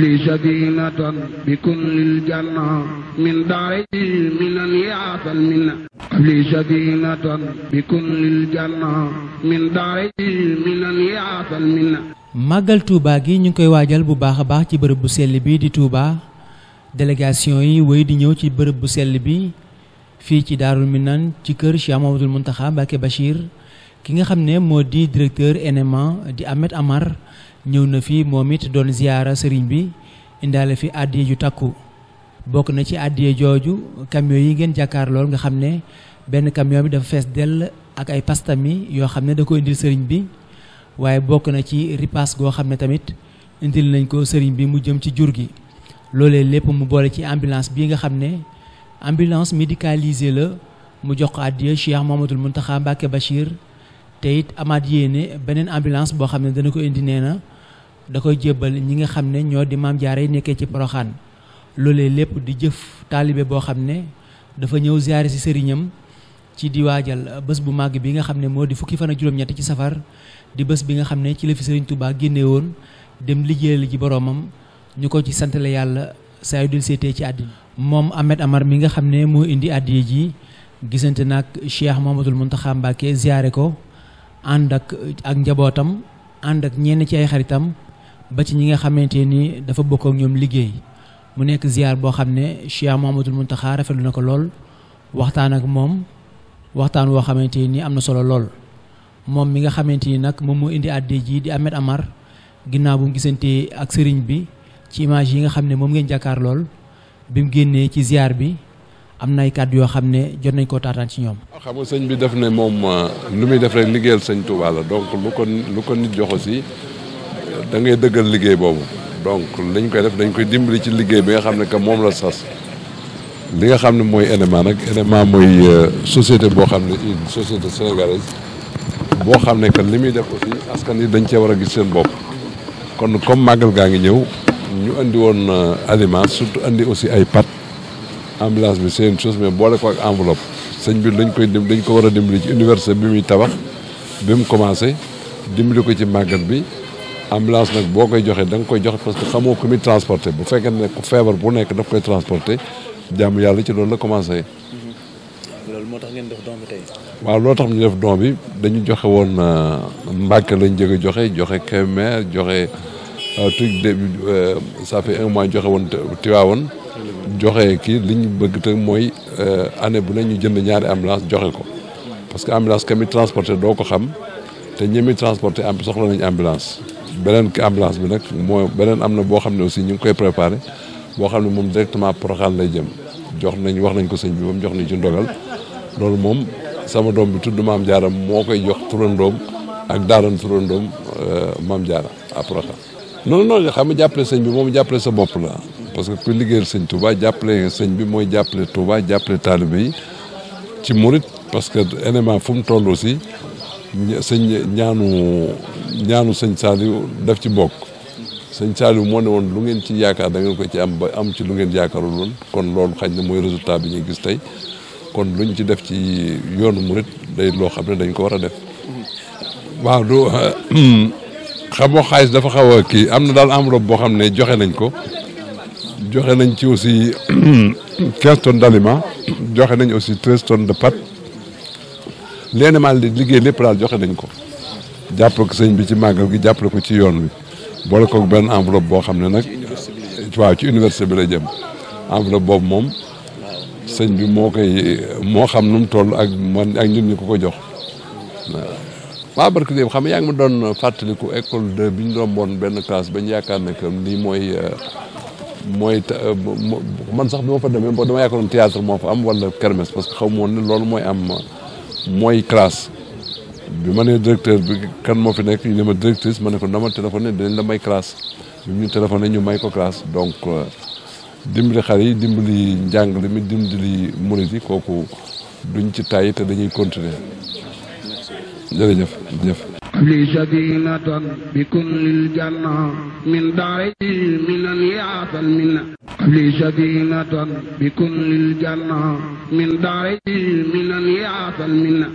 li sadinatan bi màggal Touba gi ñu ngi koy waajal bu baax a baax ci bërëb bu sell bi di Touba délégation yi wéy di ñëw ci bërëb bu sell bi fii ci Daarul Minan ci kër Cheikh Mamadou Mountakha Mbacké Bachir ki nga xam ne moo di directeur NMA di Ahmed Amar ñëw na fi moom it doon ziyaara sëriñ bi indaale fi addiye ju takku bokk na ci addiye jooju camion yi ngeen jàkkaar lool nga xam ne benn camion bi dafa fees dell ak ay pastami yoo xam ne da ko indil sëriñ bi waaye bokk na ci ripaas goo xam ne tamit indil nañ ko sëriñ bi mu jëm ci jur gi loolee lépp mu boole ci ambulance bii nga xam ne ambulance médicalisée la mu jox ko addiye Cheikh Mouhamadoul Mountakha Mbacké te it amaat yéene beneen ambulance boo xam ne dana ko indi nee na da koy jébbal ñi nga xam ne ñoo di maam jaare yi nekkee ci poroxaan loolee lépp di jëf taalibe boo xam ne dafa ñëw ziare si sëriñam ci di waajal bés bu màgg bi nga xam ne moo di fukki fan ak juróom-ñett ci safar di bés bi nga xam ne ci la fi sëriñ Touba génne woon dem liggéeyal ji boroomam ñu ko ci santale yàlla saa yu dul seetee ci àddina moom Ahmed Amar mi nga xam ne moo indi àddiya ji gisante nag Cheikh Mouhamadoul Mountakha Mbacké ziare ko ànd ak ak njabootam ànd ak ñenn ci ay xaritam ba ci ñi nga xamante ni dafa bokk ñoom liggéey mu nekk ziar boo xam ne Cheikh Mouhamadoul Mountakha rafetlu na ko lool waxtaan ak moom waxtaan woo xamante ni am na solo lool moom mi nga xamante ni nag moom moo indi adde ji di Ahmed Amar ginnaaw bu mu gisante ak sëriñ bi ci image yi nga xam ne moom ngeen jàkkaar lool bi génnee ci ziar bi am na ay kàddu yoo xam ne jot nañ koo taataan ci ñoom. xam nga sëñ bi def ne moom euh, lu muy def rek liggéeyal sëñ Touba donc lu ko ko nit jox aussi da ngay dëggal liggéey boobu donc lañ koy def dañ koy dimbali ci liggéey bi nga xam ne que moom la sas. li nga xam ne mooy NMA nag NMA mooy euh, societé boo xam ne une société sénégalaise boo xam ne que li muy def aussi askan yi dañ cee war a gis seen bopp. kon comme màggal gaa ngi ñëw ñu andi woon euh, aliment surtout indi aussi ay pâtes. ambulance bi c'est une mais boole ko ak enveloppe sëñ bi dañ koy dañ ko war a dimbali ci université bi muy tabax bi mu commencé dimbali ko ci màggat bi ambulance nag boo koy joxee da nga koy joxe parce que xamoo ko muy transporté bu fekkee ne ku feebar bu nekk daf koy transporté jàmm yàlla ci loolu la commencé. loolu moo tax ngeen def don bi tey. waaw loo tax ñu def don bi dañu joxe woon euh, Mbàkke lañ jëge joxe joxe Kébémer joxe euh, tout de euh, ça fait un joxe woon Tivaouane joxe kii li ñu bëgg te mooy euh, année bu ne ñu jënd ñaari ambulance joxe ko parce que ambulance ka mi transporté doo ko xam te ñi muy transporté am soxla nañ ambulance beneen ambulance bi nag moo beneen am na boo xam ne aussi ñu ngi koy préparé boo xam ne moom directement Porokhane lay jëm jox nañ wax nañ ko sëñ bi ba jox nañ ci ndogal loolu moom sama doom bi tudd maam jaaram moo koy jox turandoom ak daaran turandoom euh, maam jaara a Porokhane noonu noonu xam nga jàppale sañ bi moom jàppale sa bopp la parce que ku liggéeyal sëñ Touba jàppale sëñ bi mooy jàppale Touba jàppale taalibe bi ci murit parce que élément fu mu toll aussi sëñ ñaanu ñaanu sëñ Saliou daf ci bokk sëñ Saliou moo ne woon lu ngeen ci yaakaar da ngeen ko ci am ba am ci lu ngeen yaakaaru loon kon loolu xañ na mooy résultat bi ñuy gis tey kon luñ ci def ci yoonu murit day loo xam ne dañ ko war a def waaw du xamoo xaalis dafa xaw a kii am na daal enveloppe boo xam ne joxe nañ ko joxe nañ ci aussi quinze tonnes joxe nañ aussi treize tonnes de pâtes leen mal di liggéey lépp daal joxe nañ ko jàppale ko sëñ bi ci màggal gi jàppale ko ci yoon bi boole ko benn enveloppe boo xam ne nag waaw ci université bi la jëm enveloppe boobu moom sëñ bi moo koy moo xam nu mu toll ak man ak ñun ñu ko ko jox waaw barke démb xam nga yaa ngi ma doon fàttaliku école de bi ñu doon bon benn classe bañ yaakaar ne que lii mooy euh, mooy euh, man sax bi ma fa demee ba dama yaakaaroon théâtre moo fa am wala kermesse parce que xaw ma woon ne loolu mooy am mooy classe bi ma nee directeur bi kan moo fi nekk ñu ne ma directrice ma ne ko dama téléphoné dinañ may classe bi ñu téléphoné ñu may ko classe donc euh, dimbali xar yi dimbali njàngale mi dimbali murit yi kooku duñ ci tàyyi te dañuy continuer jërëjëf jëf li sadinatan bi kun lil janna min daari minan yaatal minna li sadinatan bi kun lil janna min daari minan yaatal minna